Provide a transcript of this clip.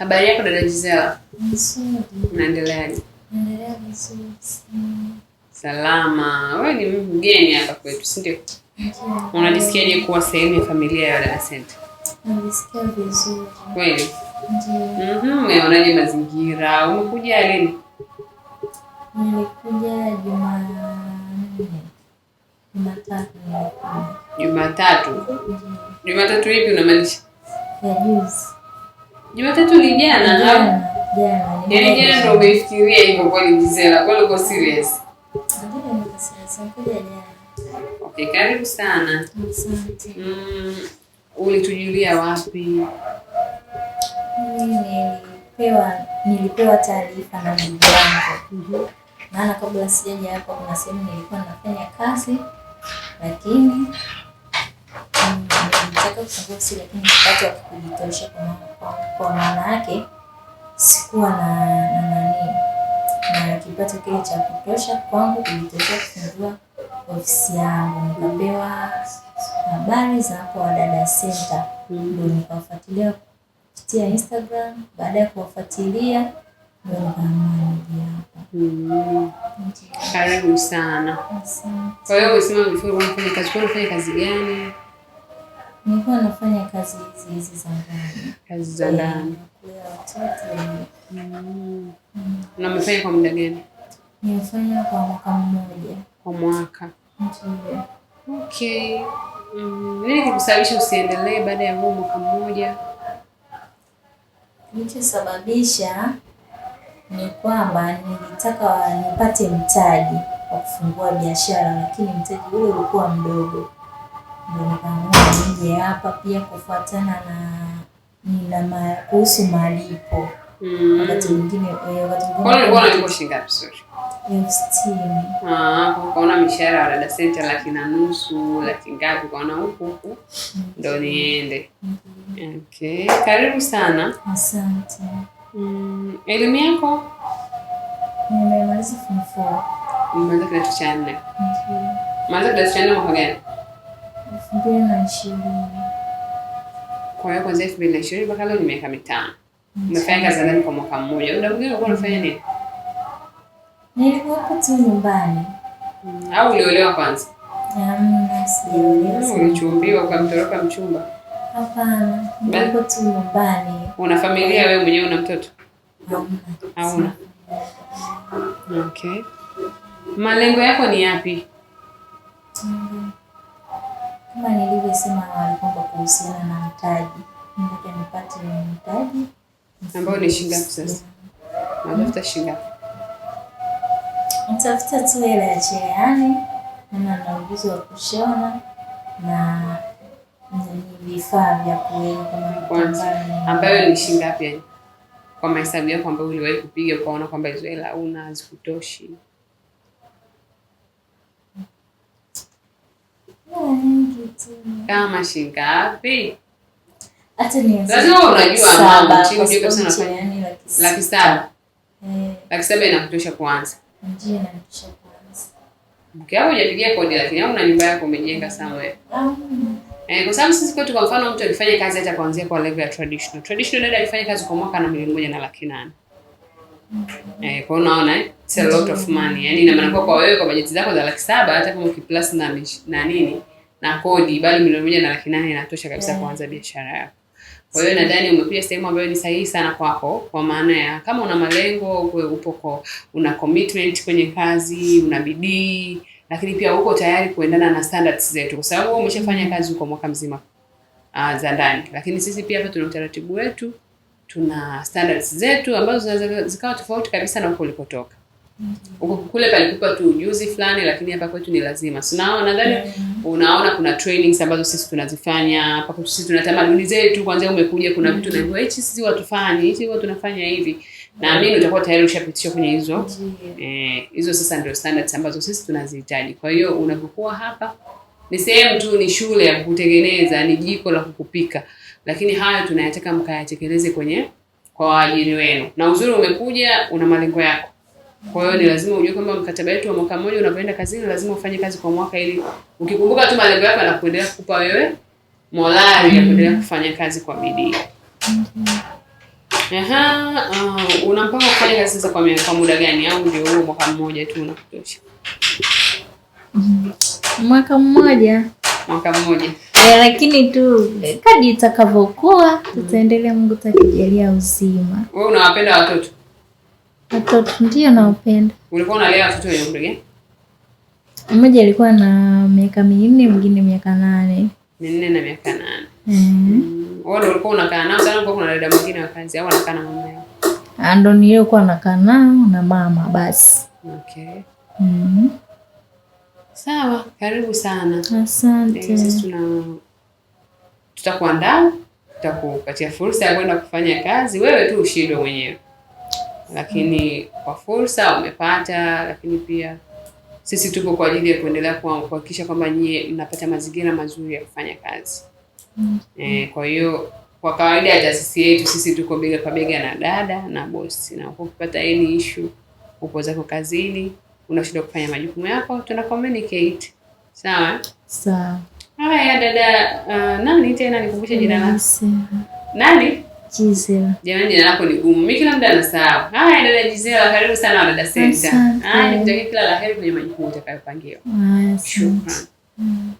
Habari yako dada Gisela? Nzuri. aje? Naendelea vizuri. Salama. Wewe ni mgeni hapa kwetu, si ndio? Unajisikiaje kuwa sehemu ya familia ya dada Senta? Najisikia vizuri. Kweli? Ndio. Mhm, umeonaje mazingira? Umekuja lini? Nilikuja Jumanne. Jumatatu. Jumatatu. Jumatatu ipi unamaanisha? Ya juzi. Jumatatu ni jana au? Jana. Yaani jana ndio umefikiria hivyo kweli Gisela? Kwani uko serious? Okay, karibu sana. Mm, ulitujulia wapi? Nilipewa nilipewa taarifa na ndugu yangu. Mhm. Maana kabla sijaja hapa kuna sehemu nilikuwa nafanya kazi lakini nilitaka usingozi lakini wakati wa kujitosha, kwa maana yake sikuwa na nani na kipato kile cha kutosha kwangu kujitosha kufungua ofisi yangu. Nikapewa habari za hapo Wadada Center, ndio nikafuatilia kupitia Instagram. Baada ya kuwafuatilia hmm. karibu sana. Kwa hiyo umesema ulifanya kazi gani? Nilikuwa nafanya kazi hizi hizi za ndani, kazi za ndani kulea watoto. Na mmefanya kwa muda gani? Nimefanya kwa mwaka mmoja. Kwa mwaka ndio. Okay. Mm, nini kikusababisha usiendelee baada ya huo mwaka mmoja? Kilichosababisha ni kwamba nilitaka nipate mtaji wa kufungua biashara, lakini mtaji ule ulikuwa mdogo ndio nikaamua nije hapa pia kufuatana na nina ma, kuhusu malipo mm. Wakati mwingine eh, elfu sitini ah, ukaona mishahara wa dada senta laki na nusu laki ngapi, ukaona huku huku ndo mm. niende. Okay, karibu sana, asante. Mm, elimu yako nimemaliza form four, nimemaliza kidato cha nne. Mm-hmm. Maliza kidato cha nne mwaka gani? elfu mbili na ishirini. Kwa hiyo kuanzia elfu mbili na ishirini mpaka leo ni miaka mitano. Umefanya kazi ndani kwa mwaka mmoja. Muda mwingine ulikuwa unafanya nini? Nilikuwa tu nyumbani. Mm, au uliolewa kwanza? Mm, Ulichumbiwa ukamtoroka mchumba? Hapana, nilikuwa tu nyumbani. Una familia wewe mwenyewe, una mtoto? Hauna. Okay. Malengo yako ni yapi? kama nilivyosema awali kwamba kuhusiana na mtaji, nataka nipate mtaji ambao ni shilingi ngapi? Sasa natafuta shilingi ngapi? Nitafuta tu hela ya cherehani, maana na ujuzi wa kushona na vifaa vya kuweka, ambayo ni shilingi ngapi? Yani kwa mahesabu yako ambayo uliwahi kupiga ukaona kwamba hizo hela una hazikutoshi? hmm. Kama mashinga ngapi? Lazima unajua laki saba eh. laki saba inakutosha kuanza. Mke wako hujapigia kodi, lakini au na nyumba yako umejenga sana wewe. Ah. Eh, kwa sababu sisi kwetu kwa mfano mtu alifanya kazi hata kuanzia kwa level ya traditional. Traditional dada alifanya kazi kwa mwaka na milioni moja na laki nane. Mm. Eh, kwa unaona eh? It's a lot of money. Yaani ina maana kwa wewe kwa bajeti zako za laki saba hata kama ukiplus na na nini na kodi, bali milioni moja na laki nane inatosha kabisa yeah, kuanza biashara yako. Kwa hiyo nadhani umekuja sehemu ambayo ni sahihi sana kwako, kwa maana ya kama una malengo, upo kwa una commitment kwenye kazi, una bidii, lakini pia uko tayari kuendana na standards zetu, kwa sababu umeshafanya mm. kazi huko mwaka mzima uh, za ndani. Lakini sisi pia hapa tuna utaratibu wetu, tuna standards zetu ambazo zinaweza zikawa tofauti kabisa na huko ulikotoka. Huko mm -hmm. kule palikupa tu ujuzi fulani, lakini hapa kwetu ni lazima. So nao nadhani unaona kuna trainings ambazo sisi tunazifanya hapa kwetu. Sisi tuna tamaduni zetu, kwanza umekuja, kuna vitu na hichi sisi hatufanyi, hichi huwa tunafanya hivi. Naamini utakuwa tayari ushapitishwa kwenye hizo mm -hmm. eh, hizo sasa ndio standards ambazo sisi tunazihitaji. Kwa hiyo unapokuwa hapa ni sehemu tu, ni shule ya kukutengeneza, ni jiko la kukupika, lakini hayo tunayataka mkayatekeleze kwenye kwa waajiri wenu, na uzuri umekuja, una malengo yako kwa hiyo ni lazima ujue kwamba mkataba wetu wa mwaka mmoja, unapoenda kazini lazima ufanye kazi kwa mwaka, ili ukikumbuka tu malengo yako na kuendelea kukupa wewe morali ya kuendelea kufanya kazi kwa bidii. Aha, uh, una mpango kufanya kazi sasa kwa miaka muda gani au ndio huo mwaka mmoja tu unakutosha? Mm-hmm. Mwaka mmoja. Mwaka mmoja. Yeah, lakini tu kadi itakavyokuwa tutaendelea, Mungu takijalia uzima. Wewe unawapenda watoto? Watoto ndio naopenda. Ulikuwa unalea watoto wenye umri gani? Mmoja alikuwa na miaka minne, mwingine miaka nane. Minne na miaka nane. Mm-hmm. Mm. nao sana, kwa kuna dada mwingine wa kazi au anakaa na mama yao? Ah, ndo niliokuwa nakaa nao na mama basi. Okay. Mm. Sawa, karibu sana. Asante. Sisi tuna tutakuandaa, tutakupatia fursa ya kwenda kufanya kazi, wewe tu ushindwe mwenyewe lakini kwa fursa umepata lakini pia sisi tupo kwa ajili ya kuendelea kuhakikisha kwamba nyie mnapata mazingira mazuri ya kufanya kazi. Mm -hmm. E, kwa hiyo kwa kawaida ya taasisi yetu sisi tuko bega kwa bega na dada na bosi, na ukipata any issue, upo zako kazini, unashindwa kufanya majukumu yako, tuna communicate. Sawa sawa. Haya dada, uh, nani tena nikumbushe jina lako nani? Gisela. Jamani jina lako ni gumu. Mimi kila muda nasahau. Haya, dada Gisela, karibu sana Wadada Center. Haya, nikutakia kila la heri kwenye majukumu utakayopangiwa. Shukrani. Mm.